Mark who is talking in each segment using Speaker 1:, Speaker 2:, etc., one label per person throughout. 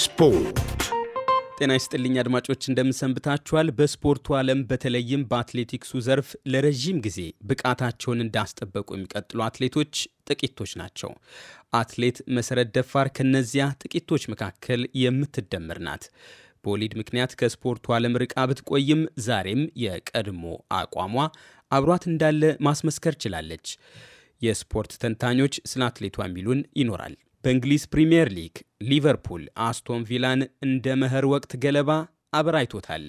Speaker 1: ስፖርት
Speaker 2: ጤና ይስጥልኝ አድማጮች፣ እንደምንሰንብታችኋል። በስፖርቱ ዓለም በተለይም በአትሌቲክሱ ዘርፍ ለረዥም ጊዜ ብቃታቸውን እንዳስጠበቁ የሚቀጥሉ አትሌቶች ጥቂቶች ናቸው። አትሌት መሰረት ደፋር ከነዚያ ጥቂቶች መካከል የምትደምር ናት። በወሊድ ምክንያት ከስፖርቱ ዓለም ርቃ ብትቆይም ዛሬም የቀድሞ አቋሟ አብሯት እንዳለ ማስመስከር ችላለች። የስፖርት ተንታኞች ስለ አትሌቷ የሚሉን ይኖራል። በእንግሊዝ ፕሪምየር ሊግ ሊቨርፑል አስቶን ቪላን እንደ መኸር ወቅት ገለባ አብራይቶታል።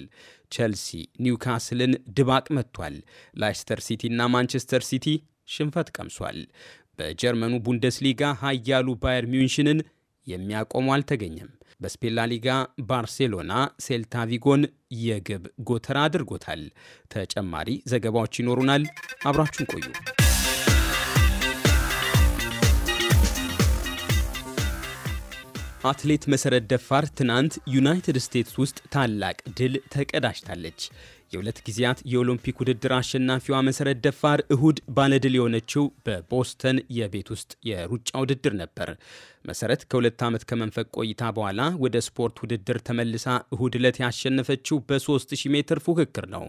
Speaker 2: ቸልሲ ኒውካስልን ድባቅ መጥቷል። ላይስተር ሲቲ እና ማንቸስተር ሲቲ ሽንፈት ቀምሷል። በጀርመኑ ቡንደስሊጋ ኃያሉ ባየር ሚንሽንን የሚያቆሙ አልተገኘም። በስፔን ላሊጋ ባርሴሎና ሴልታ ቪጎን የግብ ጎተራ አድርጎታል። ተጨማሪ ዘገባዎች ይኖሩናል። አብራችሁን ቆዩ። አትሌት መሰረት ደፋር ትናንት ዩናይትድ ስቴትስ ውስጥ ታላቅ ድል ተቀዳጅታለች። የሁለት ጊዜያት የኦሎምፒክ ውድድር አሸናፊዋ መሰረት ደፋር እሁድ ባለድል የሆነችው በቦስተን የቤት ውስጥ የሩጫ ውድድር ነበር። መሰረት ከሁለት ዓመት ከመንፈቅ ቆይታ በኋላ ወደ ስፖርት ውድድር ተመልሳ እሁድ ዕለት ያሸነፈችው በ3000 ሜትር ፉክክር ነው።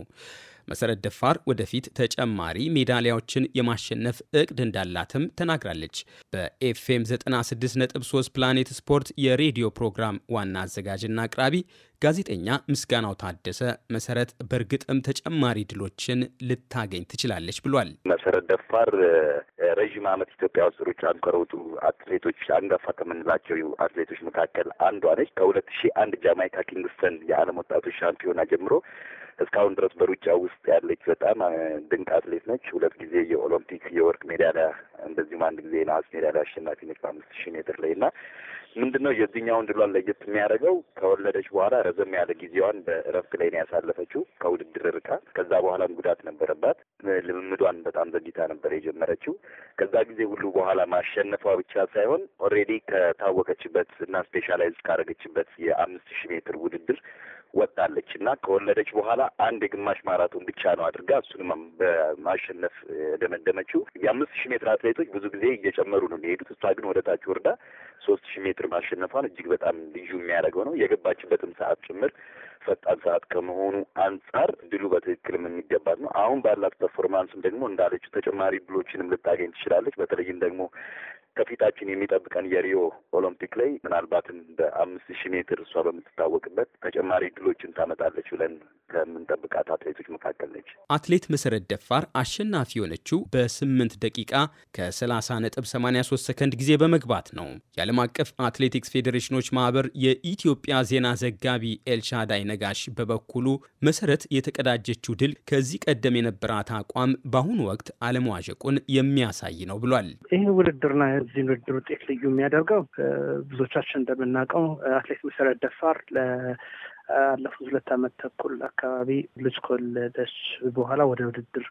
Speaker 2: መሰረት ደፋር ወደፊት ተጨማሪ ሜዳሊያዎችን የማሸነፍ እቅድ እንዳላትም ተናግራለች። በኤፍኤም 96.3 ፕላኔት ስፖርት የሬዲዮ ፕሮግራም ዋና አዘጋጅና አቅራቢ ጋዜጠኛ ምስጋናው ታደሰ መሰረት በእርግጥም ተጨማሪ ድሎችን ልታገኝ ትችላለች ብሏል።
Speaker 1: መሰረት ደፋር ረዥም ዓመት ኢትዮጵያ ውስጥ ሩጫ ከሮጡ አትሌቶች አንጋፋ ከምንላቸው አትሌቶች መካከል አንዷ ነች። ከሁለት ሺህ አንድ ጃማይካ ኪንግስተን የዓለም ወጣቶች ሻምፒዮና ጀምሮ እስካሁን ድረስ በሩጫ ውስጥ ያለች በጣም ድንቅ አትሌት ነች። ሁለት ጊዜ የኦሎምፒክ የወርቅ ሜዳሊያ እንደዚሁም አንድ ጊዜ የነሐስ ሜዳሊያ አሸናፊ ነች በአምስት ሺህ ሜትር ላይ እና ምንድነው ነው የዚህኛውን ድሏን ለየት የሚያደርገው ከወለደች በኋላ ረዘም ያለ ጊዜዋን በእረፍት ላይ ነው ያሳለፈችው ከውድድር ርቃ። ከዛ በኋላም ጉዳት ነበረባት። ልምምዷን በጣም ዘግይታ ነበር የጀመረችው። ከዛ ጊዜ ሁሉ በኋላ ማሸነፏ ብቻ ሳይሆን ኦልሬዲ ከታወቀችበት እና ስፔሻላይዝ ካደረገችበት የአምስት ሺህ ሜትር ውድድር ወጣለች እና ከወለደች በኋላ አንድ የግማሽ ማራቶን ብቻ ነው አድርጋ እሱንም በማሸነፍ ደመደመችው። የአምስት ሺህ ሜትር አትሌቶች ብዙ ጊዜ እየጨመሩ ነው የሚሄዱት። እሷ ግን ወደ ታች ወርዳ ሶስት ሺህ ሜትር ማሸነፏን እጅግ በጣም ልዩ የሚያደርገው ነው የገባችበትም ሰዓት ጭምር ፈጣን ሰዓት ከመሆኑ አንጻር ድሉ በትክክል የምንገባት ነው። አሁን ባላት ፐርፎርማንስም ደግሞ እንዳለችው ተጨማሪ ድሎችንም ልታገኝ ትችላለች። በተለይም ደግሞ ከፊታችን የሚጠብቀን የሪዮ ኦሎምፒክ ላይ ምናልባትም በአምስት ሺህ ሜትር እሷ በምትታወቅበት ተጨማሪ ድሎችን ታመጣለች ብለን ከምንጠብቃት
Speaker 2: አትሌቶች መካከል ነች። አትሌት መሰረት ደፋር አሸናፊ የሆነችው በስምንት ደቂቃ ከ30 ነጥብ 83 ሰከንድ ጊዜ በመግባት ነው። የዓለም አቀፍ አትሌቲክስ ፌዴሬሽኖች ማህበር የኢትዮጵያ ዜና ዘጋቢ ኤልሻዳይ ነጋሽ በበኩሉ መሰረት የተቀዳጀችው ድል ከዚህ ቀደም የነበራት አቋም በአሁኑ ወቅት አለመዋዠቁን የሚያሳይ ነው ብሏል።
Speaker 3: ይህ ውድድርና የዚህ ውድድር ውጤት ልዩ የሚያደርገው ብዙዎቻችን እንደምናውቀው አትሌት መሰረት ደፋር አለፉት ሁለት ዓመት ተኩል አካባቢ ልጅ ከወለደች በኋላ ወደ ውድድር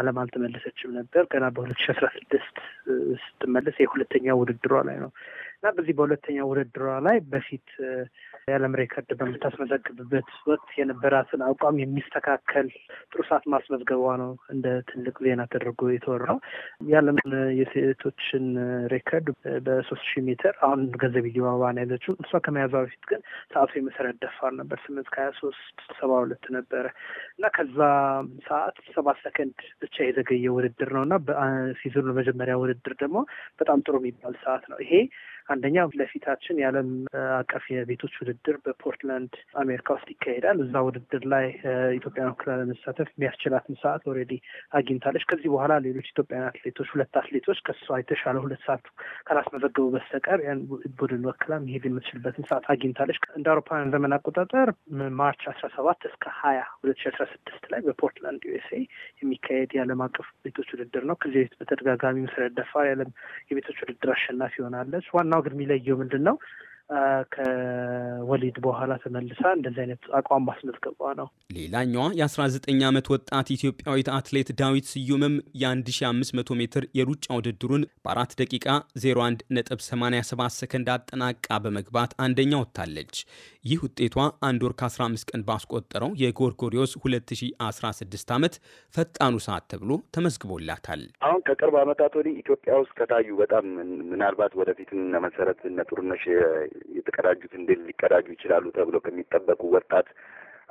Speaker 3: ዓለም አልተመለሰችም ነበር። ገና በሁለት ሺ አስራ ስድስት ስትመለስ የሁለተኛ ውድድሯ ላይ ነው እና በዚህ በሁለተኛ ውድድሯ ላይ በፊት የዓለም ሬከርድ በምታስመዘግብበት ወቅት የነበራትን አቋም የሚስተካከል ጥሩ ሰዓት ማስመዝገቧ ነው እንደ ትልቅ ዜና ተደርጎ የተወራው። የዓለም የሴቶችን ሬከርድ በሶስት ሺህ ሜትር አሁን ገንዘብ ዲባባ ነው ያለችው። እሷ ከመያዟ በፊት ግን ሰዓቱ የመሰረት ደፋ ነበር ስምንት ከሀያ ሶስት ሰባ ሁለት ነበረ እና ከዛ ሰዓት ሰባት ሰከንድ ብቻ የዘገየ ውድድር ነው እና ሲዝኑ መጀመሪያ ውድድር ደግሞ በጣም ጥሩ የሚባል ሰዓት ነው ይሄ አንደኛው ለፊታችን የዓለም አቀፍ የቤቶች ውድድር በፖርትላንድ አሜሪካ ውስጥ ይካሄዳል። እዛ ውድድር ላይ ኢትዮጵያን ወክላ ለመሳተፍ የሚያስችላትን ሰዓት ኦልሬዲ አግኝታለች። ከዚህ በኋላ ሌሎች ኢትዮጵያን አትሌቶች ሁለት አትሌቶች ከሷ የተሻለ ሁለት ሰዓት ካላስመዘገቡ በስተቀር ያን ቡድን ወክላ መሄድ የምትችልበትን ሰዓት አግኝታለች። እንደ አውሮፓውያን ዘመን አቆጣጠር ማርች አስራ ሰባት እስከ ሀያ ሁለት ሺ አስራ ስድስት ላይ በፖርትላንድ ዩኤስኤ የሚካሄድ የዓለም አቀፍ ቤቶች ውድድር ነው። ከዚህ በፊት በተደጋጋሚ መሰረት ደፋር የዓለም የቤቶች ውድድር አሸናፊ ሆናለች። ዋና ዋናው ግን የሚለየው ምንድን ነው ከወሊድ በኋላ ተመልሳ እንደዚህ አይነት አቋም ማስመዝገቧ ነው።
Speaker 2: ሌላኛዋ የ19 ዓመት ወጣት ኢትዮጵያዊት አትሌት ዳዊት ስዩምም የ1500 ሜትር የሩጫ ውድድሩን በ4 ደቂቃ 01 ነጥብ 87 ሰከንድ አጠናቃ በመግባት አንደኛ ወጥታለች። ይህ ውጤቷ አንድ ወር ከ15 ቀን ባስቆጠረው የጎርጎሪዮስ 2016 ዓመት ፈጣኑ ሰዓት ተብሎ ተመዝግቦላታል።
Speaker 1: አሁን ከቅርብ ዓመታት ወዲህ ኢትዮጵያ ውስጥ ከታዩ በጣም ምናልባት ወደፊት እነ መሰረት እነ ጥሩነሽ የተቀዳጁት እንድል ሊቀዳጁ ይችላሉ ተብሎ ከሚጠበቁ ወጣት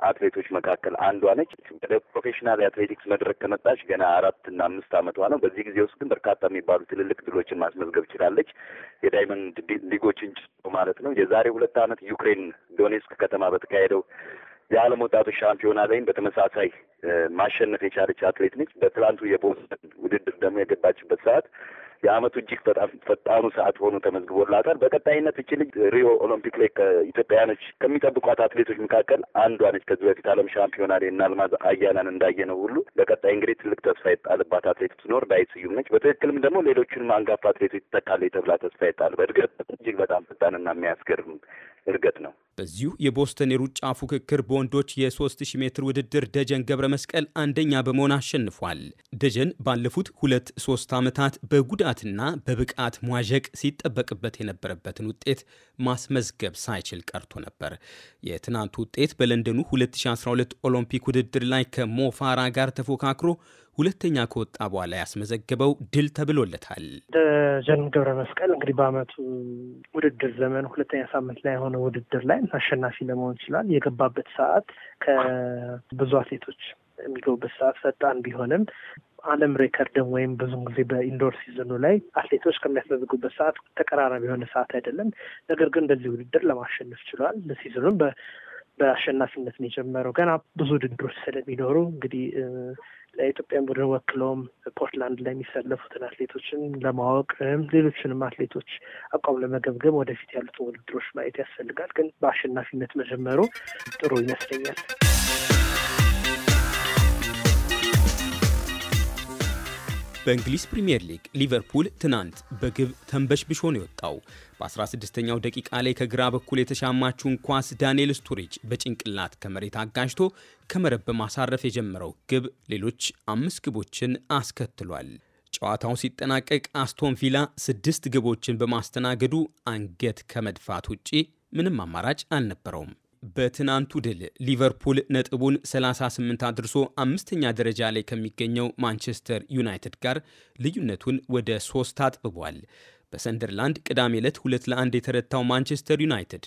Speaker 1: አትሌቶች መካከል አንዷ ነች። ወደ ፕሮፌሽናል የአትሌቲክስ መድረክ ከመጣች ገና አራት እና አምስት ዓመቷ ነው። በዚህ ጊዜ ውስጥ ግን በርካታ የሚባሉ ትልልቅ ድሎችን ማስመዝገብ ችላለች። የዳይመንድ ሊጎችን ጭ ማለት ነው። የዛሬ ሁለት ዓመት ዩክሬን ዶኔስክ ከተማ በተካሄደው የዓለም ወጣቶች ሻምፒዮና ላይም በተመሳሳይ ማሸነፍ የቻለች አትሌት ነች። በትላንቱ የቦስተን ውድድር ደግሞ የገባችበት ሰዓት የአመቱ እጅግ በጣም ፈጣኑ ሰዓት ሆኖ ተመዝግቦላታል። በቀጣይነት እች ልጅ ሪዮ ኦሎምፒክ ላይ ከኢትዮጵያውያኖች ከሚጠብቋት አትሌቶች መካከል አንዷ ነች። ከዚህ በፊት ዓለም ሻምፒዮና ላይ እና አልማዝ አያናን እንዳየነው ሁሉ በቀጣይ እንግዲህ ትልቅ ተስፋ የጣልባት አትሌት ብትኖር ዳዊት ስዩም ነች። በትክክልም ደግሞ ሌሎችንም አንጋፋ አትሌቶች ትተካለች ተብላ ተስፋ የጣል በእድገት እጅግ በጣም ፈጣንና የሚያስገርም እርገጥ ነው።
Speaker 2: በዚሁ የቦስተን የሩጫ ፉክክር በወንዶች የ3000 ሜትር ውድድር ደጀን ገብረ መስቀል አንደኛ በመሆን አሸንፏል። ደጀን ባለፉት ሁለት ሶስት ዓመታት በጉዳትና በብቃት ሟዠቅ ሲጠበቅበት የነበረበትን ውጤት ማስመዝገብ ሳይችል ቀርቶ ነበር። የትናንቱ ውጤት በለንደኑ 2012 ኦሎምፒክ ውድድር ላይ ከሞፋራ ጋር ተፎካክሮ ሁለተኛ ከወጣ በኋላ ያስመዘገበው ድል ተብሎለታል።
Speaker 3: ደጀንም ገብረ መስቀል እንግዲህ በአመቱ ውድድር ዘመን ሁለተኛ ሳምንት ላይ የሆነ ውድድር ላይ አሸናፊ ለመሆን ይችላል። የገባበት ሰዓት ከብዙ አትሌቶች የሚገቡበት ሰዓት ፈጣን ቢሆንም ዓለም ሬከርድም ወይም ብዙን ጊዜ በኢንዶር ሲዝኑ ላይ አትሌቶች ከሚያስመዘግቡበት ሰዓት ተቀራራቢ የሆነ ሰዓት አይደለም። ነገር ግን እንደዚህ ውድድር ለማሸነፍ ችሏል። ሲዝኑም በአሸናፊነት ነው የጀመረው። ገና ብዙ ውድድሮች ስለሚኖሩ እንግዲህ ለኢትዮጵያን ቡድን ወክለውም ፖርትላንድ ላይ የሚሰለፉትን አትሌቶችን ለማወቅ ሌሎችንም አትሌቶች አቋም ለመገምገም ወደፊት ያሉትን ውድድሮች ማየት ያስፈልጋል። ግን በአሸናፊነት መጀመሩ ጥሩ ይመስለኛል።
Speaker 2: በእንግሊዝ ፕሪምየር ሊግ ሊቨርፑል ትናንት በግብ ተንበሽብሾ ነው የወጣው። በ16ኛው ደቂቃ ላይ ከግራ በኩል የተሻማችውን ኳስ ዳንኤል ስቱሪጅ በጭንቅላት ከመሬት አጋጅቶ ከመረብ በማሳረፍ የጀመረው ግብ ሌሎች አምስት ግቦችን አስከትሏል። ጨዋታው ሲጠናቀቅ አስቶን ቪላ ስድስት ግቦችን በማስተናገዱ አንገት ከመድፋት ውጪ ምንም አማራጭ አልነበረውም። በትናንቱ ድል ሊቨርፑል ነጥቡን 38 አድርሶ አምስተኛ ደረጃ ላይ ከሚገኘው ማንቸስተር ዩናይትድ ጋር ልዩነቱን ወደ ሶስት አጥብቧል። በሰንደርላንድ ቅዳሜ ዕለት ሁለት ለአንድ የተረታው ማንቸስተር ዩናይትድ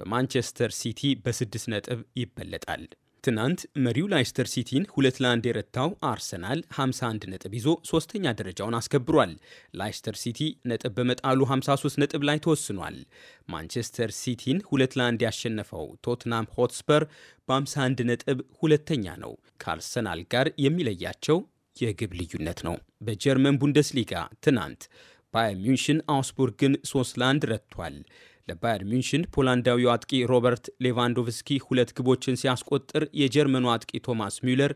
Speaker 2: በማንቸስተር ሲቲ በስድስት ነጥብ ይበለጣል። ትናንት መሪው ላይስተር ሲቲን ሁለት ለአንድ የረታው አርሰናል 51 ነጥብ ይዞ ሶስተኛ ደረጃውን አስከብሯል። ላይስተር ሲቲ ነጥብ በመጣሉ 53 ነጥብ ላይ ተወስኗል። ማንቸስተር ሲቲን ሁለት ለአንድ ያሸነፈው ቶትናም ሆትስፐር በ51 ነጥብ ሁለተኛ ነው። ከአርሰናል ጋር የሚለያቸው የግብ ልዩነት ነው። በጀርመን ቡንደስሊጋ ትናንት ባየር ሚንሽን አውስቡርግን 3 ለ1 ረቷል። ለባየር ሚንሽን ፖላንዳዊው አጥቂ ሮበርት ሌቫንዶቭስኪ ሁለት ግቦችን ሲያስቆጥር የጀርመኑ አጥቂ ቶማስ ሚለር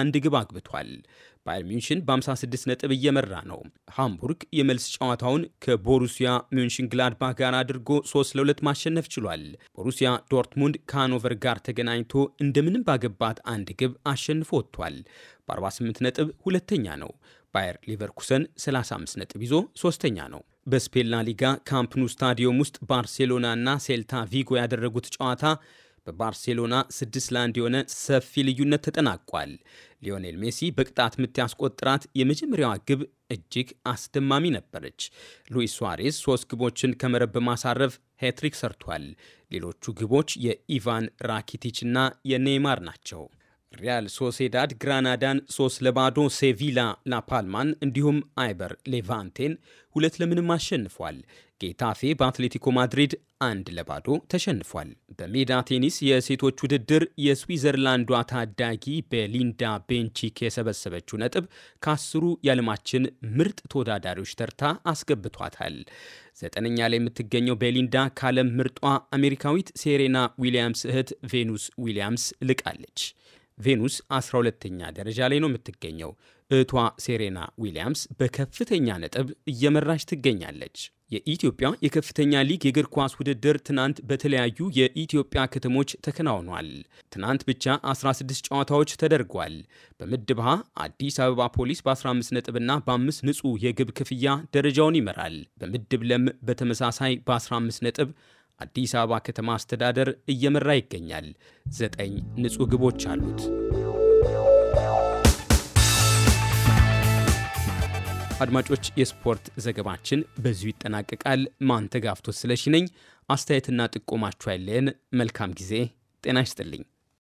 Speaker 2: አንድ ግብ አግብቷል። ባየር ሚንሽን በ56 ነጥብ እየመራ ነው። ሃምቡርግ የመልስ ጨዋታውን ከቦሩሲያ ሚንሽን ግላድባ ጋር አድርጎ 3 ለሁለት ማሸነፍ ችሏል። ቦሩሲያ ዶርትሙንድ ከሃኖቨር ጋር ተገናኝቶ እንደምንም ባገባት አንድ ግብ አሸንፎ ወጥቷል። በ48 ነጥብ ሁለተኛ ነው። ባየር ሊቨርኩሰን 35 ነጥብ ይዞ ሶስተኛ ነው። በስፔን ላሊጋ ካምፕ ኑ ስታዲየም ውስጥ ባርሴሎና ና ሴልታ ቪጎ ያደረጉት ጨዋታ በባርሴሎና 6 ለ1 የሆነ ሰፊ ልዩነት ተጠናቋል። ሊዮኔል ሜሲ በቅጣት ምት ያስቆጥራት የመጀመሪያዋ ግብ እጅግ አስደማሚ ነበረች። ሉዊስ ሱዋሬዝ ሶስት ግቦችን ከመረብ በማሳረፍ ሄትሪክ ሰርቷል። ሌሎቹ ግቦች የኢቫን ራኪቲች እና የኔይማር ናቸው። ሪያል ሶሴዳድ ግራናዳን ሶስት ለባዶ፣ ሴቪላ ላፓልማን እንዲሁም አይበር ሌቫንቴን ሁለት ለምንም አሸንፏል። ጌታፌ በአትሌቲኮ ማድሪድ አንድ ለባዶ ተሸንፏል። በሜዳ ቴኒስ የሴቶች ውድድር የስዊዘርላንዷ ታዳጊ በሊንዳ ቤንቺክ የሰበሰበችው ነጥብ ከአስሩ የዓለማችን ምርጥ ተወዳዳሪዎች ተርታ አስገብቷታል። ዘጠነኛ ላይ የምትገኘው ቤሊንዳ ከዓለም ምርጧ አሜሪካዊት ሴሬና ዊሊያምስ እህት ቬኑስ ዊሊያምስ ልቃለች። ቬኑስ 12ተኛ ደረጃ ላይ ነው የምትገኘው። እህቷ ሴሬና ዊሊያምስ በከፍተኛ ነጥብ እየመራች ትገኛለች። የኢትዮጵያ የከፍተኛ ሊግ የእግር ኳስ ውድድር ትናንት በተለያዩ የኢትዮጵያ ከተሞች ተከናውኗል። ትናንት ብቻ 16 ጨዋታዎች ተደርጓል። በምድብ ሀ አዲስ አበባ ፖሊስ በ15 ነጥብና በ5 ንጹህ የግብ ክፍያ ደረጃውን ይመራል። በምድብ ለም በተመሳሳይ በ15 ነጥብ አዲስ አበባ ከተማ አስተዳደር እየመራ ይገኛል። ዘጠኝ ንጹህ ግቦች አሉት። አድማጮች፣ የስፖርት ዘገባችን በዚሁ ይጠናቀቃል። ማንተጋፍቶት ስለሺ ነኝ። አስተያየትና ጥቆማችሁ አይለየን። መልካም ጊዜ። ጤና ይስጥልኝ።